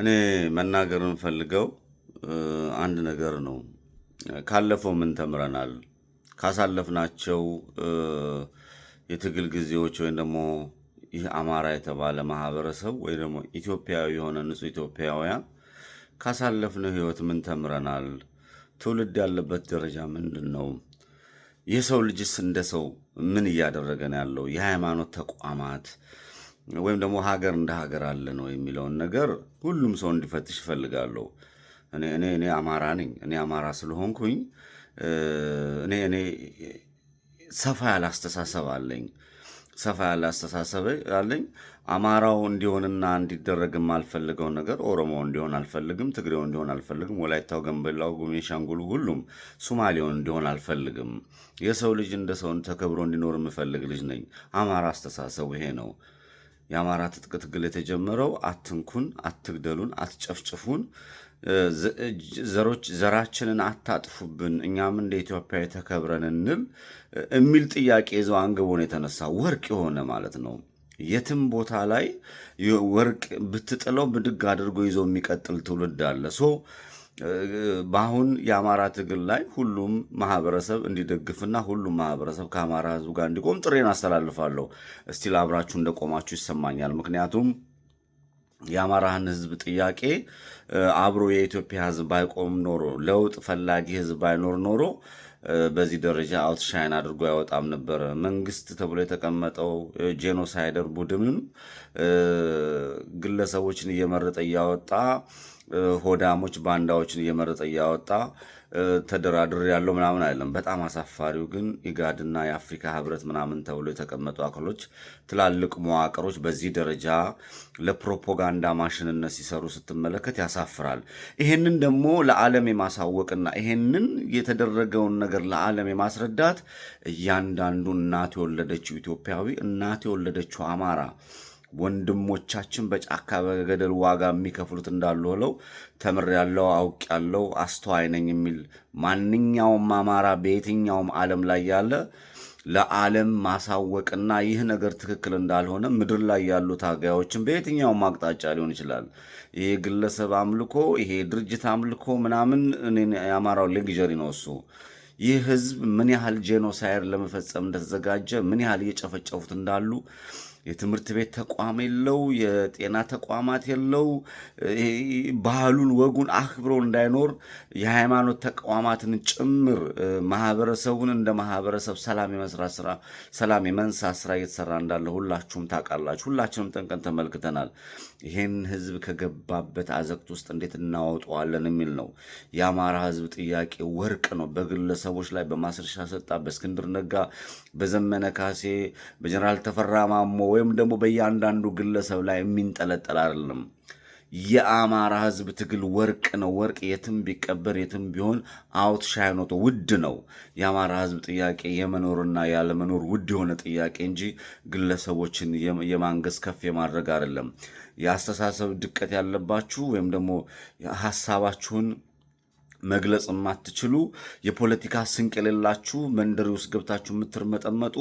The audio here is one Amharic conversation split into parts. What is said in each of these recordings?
እኔ መናገር የምፈልገው አንድ ነገር ነው። ካለፈው ምን ተምረናል? ካሳለፍናቸው የትግል ጊዜዎች ወይም ደግሞ ይህ አማራ የተባለ ማህበረሰብ ወይ ደግሞ ኢትዮጵያዊ የሆነ ንጹህ ኢትዮጵያውያን ካሳለፍነው ህይወት ምን ተምረናል? ትውልድ ያለበት ደረጃ ምንድን ነው? የሰው ልጅስ እንደ ሰው ምን እያደረገን ያለው የሃይማኖት ተቋማት ወይም ደግሞ ሀገር እንደ ሀገር አለ ነው የሚለውን ነገር ሁሉም ሰው እንዲፈትሽ እፈልጋለሁ። እኔ እኔ አማራ ነኝ። እኔ አማራ ስለሆንኩኝ እኔ እኔ ሰፋ ያለ አስተሳሰብ አለኝ። ሰፋ ያለ አስተሳሰብ አለኝ። አማራው እንዲሆንና እንዲደረግ የማልፈልገው ነገር ኦሮሞ እንዲሆን አልፈልግም። ትግሬው እንዲሆን አልፈልግም። ወላይታው፣ ገንበላው፣ ቤንሻንጉሉ፣ ሁሉም ሱማሌውን እንዲሆን አልፈልግም። የሰው ልጅ እንደ ሰውን ተከብሮ እንዲኖር የምፈልግ ልጅ ነኝ። አማራ አስተሳሰቡ ይሄ ነው። የአማራ ትጥቅ ትግል የተጀመረው አትንኩን፣ አትግደሉን፣ አትጨፍጭፉን፣ ዘሮች ዘራችንን አታጥፉብን፣ እኛም እንደ ኢትዮጵያ የተከብረን እንል የሚል ጥያቄ ይዘው አንግቦን የተነሳ ወርቅ የሆነ ማለት ነው። የትም ቦታ ላይ ወርቅ ብትጥለው ብድግ አድርጎ ይዞ የሚቀጥል ትውልድ አለ። በአሁን የአማራ ትግል ላይ ሁሉም ማህበረሰብ እንዲደግፍና ሁሉም ማህበረሰብ ከአማራ ህዝቡ ጋር እንዲቆም ጥሬን አስተላልፋለሁ። እስቲ አብራችሁ እንደቆማችሁ ይሰማኛል። ምክንያቱም የአማራን ህዝብ ጥያቄ አብሮ የኢትዮጵያ ህዝብ ባይቆም ኖሮ ለውጥ ፈላጊ ህዝብ ባይኖር ኖሮ በዚህ ደረጃ አውትሻይን አድርጎ አይወጣም ነበረ። መንግስት ተብሎ የተቀመጠው ጄኖሳይደር ቡድንም ግለሰቦችን እየመረጠ እያወጣ ሆዳሞች ባንዳዎችን እየመረጠ እያወጣ ተደራድር ያለው ምናምን አይደለም። በጣም አሳፋሪው ግን ኢጋድና የአፍሪካ ህብረት ምናምን ተብሎ የተቀመጡ አካሎች ትላልቅ መዋቅሮች በዚህ ደረጃ ለፕሮፓጋንዳ ማሽንነት ሲሰሩ ስትመለከት ያሳፍራል። ይሄንን ደግሞ ለዓለም የማሳወቅና ይሄንን የተደረገውን ነገር ለዓለም የማስረዳት እያንዳንዱ እናት የወለደችው ኢትዮጵያዊ እናት የወለደችው አማራ ወንድሞቻችን በጫካ በገደል ዋጋ የሚከፍሉት እንዳሉ ሆነው ተምሬያለሁ፣ አውቄያለሁ፣ አስተዋይ ነኝ የሚል ማንኛውም አማራ በየትኛውም ዓለም ላይ ያለ ለዓለም ማሳወቅና ይህ ነገር ትክክል እንዳልሆነ ምድር ላይ ያሉ ታጋዮችን በየትኛውም አቅጣጫ ሊሆን ይችላል። ይሄ ግለሰብ አምልኮ፣ ይሄ ድርጅት አምልኮ ምናምን የአማራው ሌግጀሪ ነው እሱ። ይህ ህዝብ ምን ያህል ጄኖሳይድ ለመፈጸም እንደተዘጋጀ ምን ያህል እየጨፈጨፉት እንዳሉ የትምህርት ቤት ተቋም የለው፣ የጤና ተቋማት የለው። ባህሉን ወጉን አክብሮ እንዳይኖር የሃይማኖት ተቋማትን ጭምር ማህበረሰቡን እንደ ማህበረሰብ ሰላም የመስራት ስራ፣ ሰላም የመንሳ ስራ እየተሰራ እንዳለ ሁላችሁም ታውቃላችሁ። ሁላችንም ጠንቀን ተመልክተናል። ይህን ህዝብ ከገባበት አዘቅት ውስጥ እንዴት እናወጠዋለን የሚል ነው የአማራ ህዝብ ጥያቄ። ወርቅ ነው። በግለሰቦች ላይ በማስረሻ ሰጣ፣ በእስክንድር ነጋ፣ በዘመነ ካሴ፣ በጀነራል ተፈራ ማሞ ወይም ደግሞ በእያንዳንዱ ግለሰብ ላይ የሚንጠለጠል አይደለም። የአማራ ህዝብ ትግል ወርቅ ነው። ወርቅ የትም ቢቀበር የትም ቢሆን አውት ሻይኖቶ ውድ ነው። የአማራ ህዝብ ጥያቄ የመኖርና ያለመኖር ውድ የሆነ ጥያቄ እንጂ ግለሰቦችን የማንገስ ከፍ የማድረግ አይደለም። የአስተሳሰብ ድቀት ያለባችሁ ወይም ደግሞ ሀሳባችሁን መግለጽ የማትችሉ የፖለቲካ ስንቅ የሌላችሁ መንደሪ ውስጥ ገብታችሁ የምትርመጠመጡ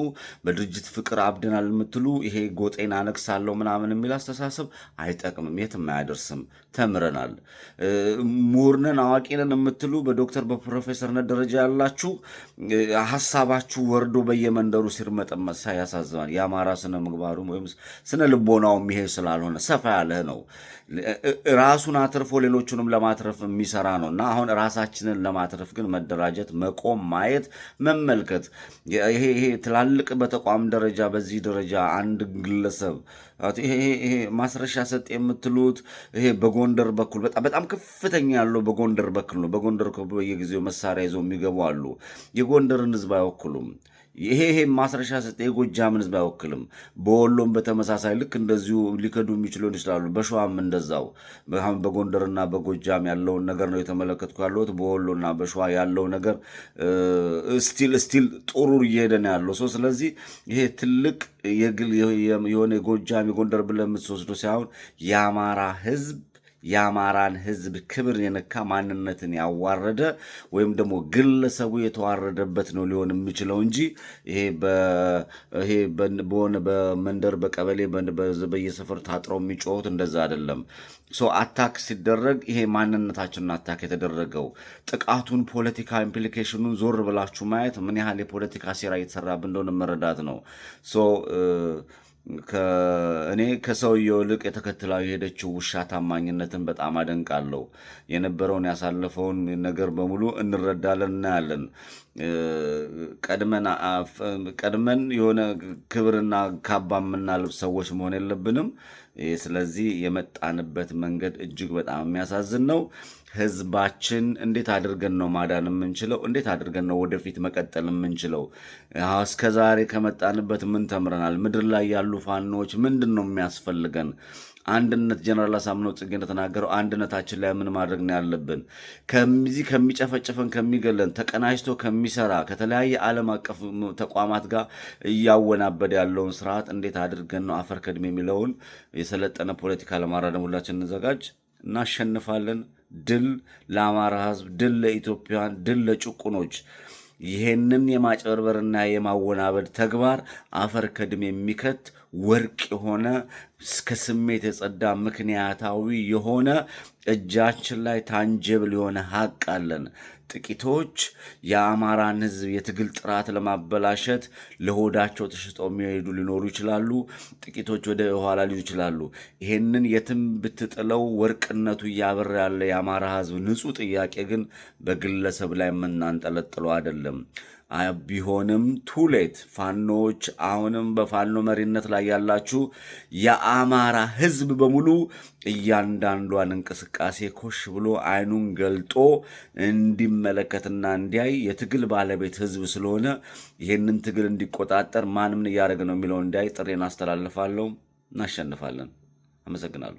በድርጅት ፍቅር አብደናል የምትሉ ይሄ ጎጤን አነግሳለሁ ምናምን የሚል አስተሳሰብ አይጠቅምም፣ የትም አያደርስም። ተምረናል። ምሁርነን አዋቂነን የምትሉ በዶክተር በፕሮፌሰርነት ደረጃ ያላችሁ ሀሳባችሁ ወርዶ በየመንደሩ ሲርመጠመጥ ሳ ያሳዝናል። የአማራ ስነ ምግባሩ ወይም ስነ ልቦናውም ይሄ ስላልሆነ ሰፋ ያለ ነው። ራሱን አትርፎ ሌሎቹንም ለማትረፍ የሚሰራ ነው እና አሁን ራሳችንን ለማትረፍ ግን መደራጀት፣ መቆም፣ ማየት፣ መመልከት ይሄ ትላልቅ በተቋም ደረጃ በዚህ ደረጃ አንድ ግለሰብ ይሄ ማስረሻ ሰጥ የምትሉት ይሄ በጎንደር በኩል በጣም ከፍተኛ ያለው በጎንደር በኩል ነው። በጎንደር በየጊዜው መሳሪያ ይዘው የሚገቡ አሉ። የጎንደርን ህዝብ አይወክሉም። ይሄ ይሄ ማስረሻ ሰጥ የጎጃምን ህዝብ አይወክልም። በወሎም በተመሳሳይ ልክ እንደዚሁ ሊከዱ የሚችሉን ይችላሉ። በሸዋም እንደዛው በጎንደርና በጎጃም ያለውን ነገር ነው የተመለከትኩ ያለው። ያሉት በወሎና በሸዋ ያለው ነገር ስቲል ስቲል ጥሩ እየሄደ ነው ያለው ሰው። ስለዚህ ይሄ ትልቅ የግል የሆነ የጎጃም የጎንደር ብለህ የምትወስዱ ሳይሆን የአማራ ህዝብ የአማራን ህዝብ ክብር የነካ ማንነትን ያዋረደ ወይም ደግሞ ግለሰቡ የተዋረደበት ነው ሊሆን የሚችለው እንጂ ይሄ በሆነ በመንደር በቀበሌ በየሰፈር ታጥረው የሚጮሁት እንደዛ አይደለም። ሶ አታክ ሲደረግ ይሄ ማንነታችንን አታክ የተደረገው ጥቃቱን፣ ፖለቲካ ኢምፕሊኬሽኑን ዞር ብላችሁ ማየት ምን ያህል የፖለቲካ ሴራ እየተሰራብን እንደሆነ መረዳት ነው። እኔ ከሰውየው ልቅ የተከትላው የሄደችው ውሻ ታማኝነትን በጣም አደንቃለሁ። የነበረውን ያሳለፈውን ነገር በሙሉ እንረዳለን፣ እናያለን። ቀድመን የሆነ ክብርና ካባ የምናልብስ ሰዎች መሆን የለብንም። ስለዚህ የመጣንበት መንገድ እጅግ በጣም የሚያሳዝን ነው። ህዝባችን እንዴት አድርገን ነው ማዳን የምንችለው? እንዴት አድርገን ነው ወደፊት መቀጠል የምንችለው? እስከ ዛሬ ከመጣንበት ምን ተምረናል? ምድር ላይ ያሉ ፋኖዎች ምንድን ነው የሚያስፈልገን? አንድነት ጀነራል አሳምነው ጽጌ እንደተናገረው አንድነታችን ላይ ምን ማድረግ ነው ያለብን? ከዚህ ከሚጨፈጭፈን ከሚገለን ተቀናጅቶ ከሚ የሚሰራ ከተለያየ ዓለም አቀፍ ተቋማት ጋር እያወናበደ ያለውን ስርዓት እንዴት አድርገን ነው አፈር ከድሜ የሚለውን የሰለጠነ ፖለቲካ ለማራደም ሁላችን እንዘጋጅ። እናሸንፋለን። ድል ለአማራ ህዝብ ድል ለኢትዮጵያን፣ ድል ለጭቁኖች። ይሄንን የማጭበርበርና የማወናበድ ተግባር አፈር ከድሜ የሚከት ወርቅ የሆነ እስከ ስሜት የጸዳ ምክንያታዊ የሆነ እጃችን ላይ ታንጀብል የሆነ ሀቅ አለን። ጥቂቶች የአማራን ህዝብ የትግል ጥራት ለማበላሸት ለሆዳቸው ተሽጠው የሚሄዱ ሊኖሩ ይችላሉ። ጥቂቶች ወደ ኋላ ሊሉ ይችላሉ። ይህንን የትም ብትጥለው ወርቅነቱ እያበራ ያለ የአማራ ህዝብ ንጹህ ጥያቄ ግን በግለሰብ ላይ የምናንጠለጥለው አይደለም። ቢሆንም ቱሌት ፋኖዎች አሁንም በፋኖ መሪነት ላይ ያላችሁ የአማራ ሕዝብ በሙሉ እያንዳንዷን እንቅስቃሴ ኮሽ ብሎ አይኑን ገልጦ እንዲመለከትና እንዲያይ የትግል ባለቤት ሕዝብ ስለሆነ ይህንን ትግል እንዲቆጣጠር ማንምን እያደረግ እያደረገ ነው የሚለው እንዲያይ ጥሬን አስተላልፋለሁ። እናሸንፋለን። አመሰግናለሁ።